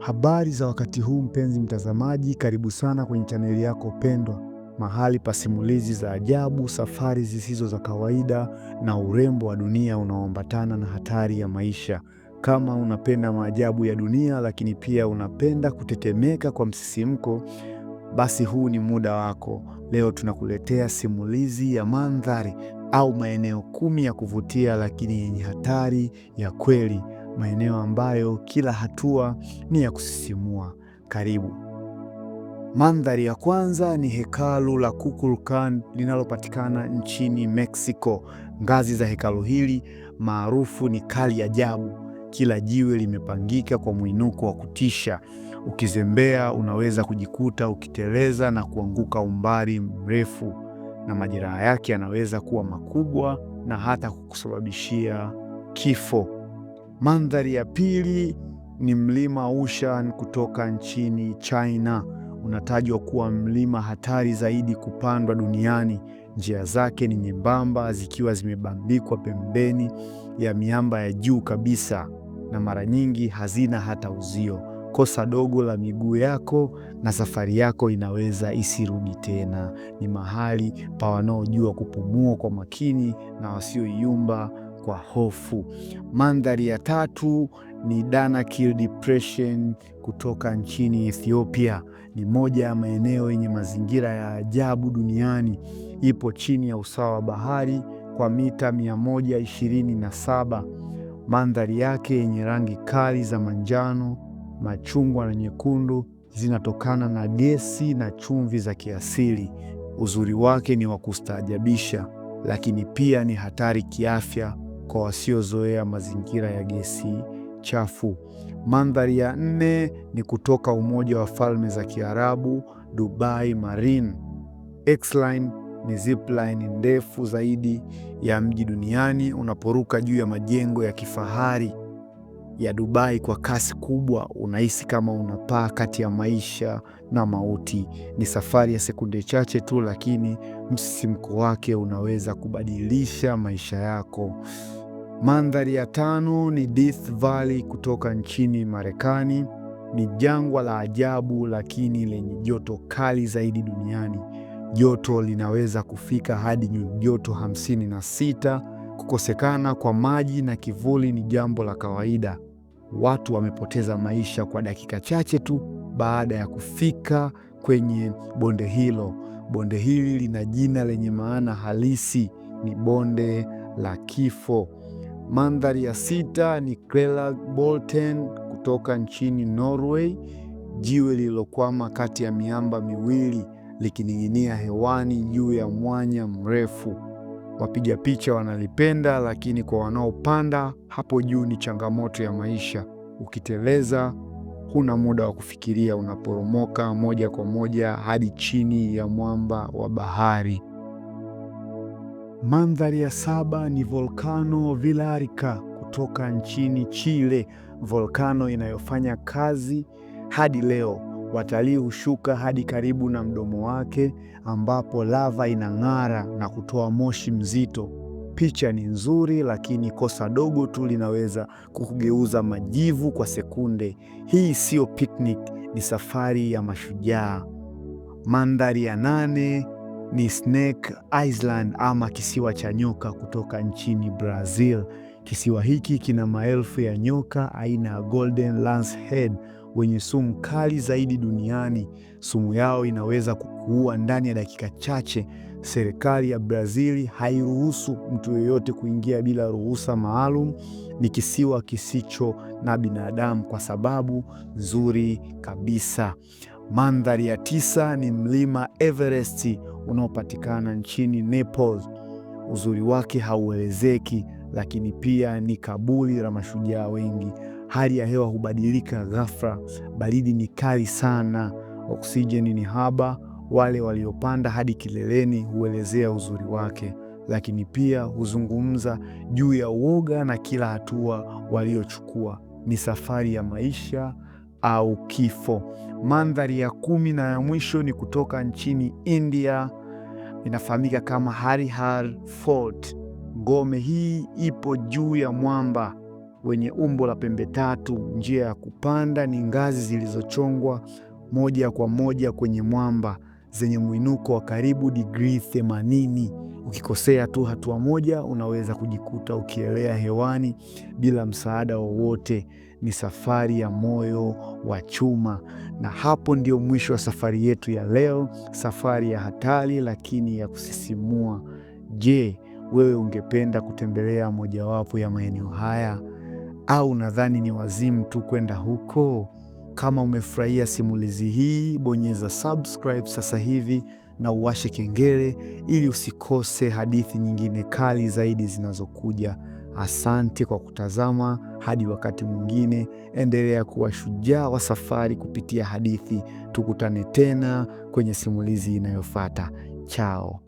Habari za wakati huu, mpenzi mtazamaji, karibu sana kwenye chaneli yako pendwa, mahali pa simulizi za ajabu, safari zisizo za kawaida na urembo wa dunia unaoambatana na hatari ya maisha. Kama unapenda maajabu ya dunia, lakini pia unapenda kutetemeka kwa msisimko, basi huu ni muda wako. Leo tunakuletea simulizi ya mandhari au maeneo kumi ya kuvutia, lakini yenye hatari ya kweli maeneo ambayo kila hatua ni ya kusisimua. Karibu. Mandhari ya kwanza ni hekalu la Kukulkan linalopatikana nchini Mexico. Ngazi za hekalu hili maarufu ni kali ajabu. Kila jiwe limepangika kwa mwinuko wa kutisha. Ukizembea unaweza kujikuta ukiteleza na kuanguka umbali mrefu, na majeraha yake yanaweza kuwa makubwa na hata kukusababishia kifo. Mandhari ya pili ni mlima Ushan kutoka nchini China. Unatajwa kuwa mlima hatari zaidi kupandwa duniani. Njia zake ni nyembamba, zikiwa zimebambikwa pembeni ya miamba ya juu kabisa, na mara nyingi hazina hata uzio. Kosa dogo la miguu yako na safari yako inaweza isirudi tena. Ni mahali pa wanaojua kupumua kwa makini na wasioyumba kwa hofu. Mandhari ya tatu ni Danakil Depression kutoka nchini Ethiopia. Ni moja ya maeneo yenye mazingira ya ajabu duniani. Ipo chini ya usawa wa bahari kwa mita 127. Mandhari yake yenye rangi kali za manjano, machungwa na nyekundu zinatokana na gesi na chumvi za kiasili. Uzuri wake ni wa kustaajabisha, lakini pia ni hatari kiafya kwa wasiozoea mazingira ya gesi chafu. Mandhari ya nne ni kutoka Umoja wa Falme za Kiarabu, Dubai Marine. X-Line ni zipline ndefu zaidi ya mji duniani, unaporuka juu ya majengo ya kifahari ya Dubai kwa kasi kubwa, unahisi kama unapaa kati ya maisha na mauti. Ni safari ya sekunde chache tu, lakini msisimko wake unaweza kubadilisha maisha yako. Mandhari ya tano ni Death Valley kutoka nchini Marekani. Ni jangwa la ajabu lakini lenye joto kali zaidi duniani. Joto linaweza kufika hadi joto 56. Kukosekana kwa maji na kivuli ni jambo la kawaida. Watu wamepoteza maisha kwa dakika chache tu baada ya kufika kwenye bonde hilo. Bonde hili lina jina lenye maana halisi, ni bonde la kifo. Mandhari ya sita ni Kjell Bolten kutoka nchini Norway, jiwe lililokwama kati ya miamba miwili likining'inia hewani juu ya mwanya mrefu. Wapiga picha wanalipenda, lakini kwa wanaopanda hapo juu ni changamoto ya maisha. Ukiteleza huna muda wa kufikiria, unaporomoka moja kwa moja hadi chini ya mwamba wa bahari. Mandhari ya saba ni volkano Vilarica kutoka nchini Chile, volkano inayofanya kazi hadi leo. Watalii hushuka hadi karibu na mdomo wake ambapo lava inang'ara na kutoa moshi mzito. Picha ni nzuri, lakini kosa dogo tu linaweza kugeuza majivu kwa sekunde. Hii siyo picnic, ni safari ya mashujaa. Mandhari ya nane ni Snake Island ama kisiwa cha nyoka kutoka nchini Brazil. Kisiwa hiki kina maelfu ya nyoka aina ya Golden Lancehead wenye sumu kali zaidi duniani. Sumu yao inaweza kukuua ndani ya dakika chache. Serikali ya Brazil hairuhusu mtu yeyote kuingia bila ruhusa maalum. Ni kisiwa kisicho na binadamu kwa sababu nzuri kabisa. Mandhari ya tisa ni mlima Everest unaopatikana nchini Naples. Uzuri wake hauelezeki, lakini pia ni kaburi la mashujaa wengi. Hali ya hewa hubadilika ghafla, baridi ni kali sana, oksijeni ni haba. Wale waliopanda hadi kileleni huelezea uzuri wake, lakini pia huzungumza juu ya uoga na kila hatua waliochukua ni safari ya maisha au kifo. Mandhari ya kumi na ya mwisho ni kutoka nchini India inafahamika kama Harihar Fort. Ngome hii ipo juu ya mwamba wenye umbo la pembe tatu. Njia ya kupanda ni ngazi zilizochongwa moja kwa moja kwenye mwamba zenye mwinuko wa karibu digrii 80. Ukikosea tu hatua moja, unaweza kujikuta ukielea hewani bila msaada wowote. Ni safari ya moyo wa chuma. Na hapo ndio mwisho wa safari yetu ya leo, safari ya hatari lakini ya kusisimua. Je, wewe ungependa kutembelea mojawapo ya maeneo haya, au nadhani ni wazimu tu kwenda huko? Kama umefurahia simulizi hii, bonyeza subscribe sasa hivi na uwashe kengele ili usikose hadithi nyingine kali zaidi zinazokuja. Asante kwa kutazama, hadi wakati mwingine. Endelea kuwa shujaa wa safari kupitia hadithi. Tukutane tena kwenye simulizi inayofuata. Chao.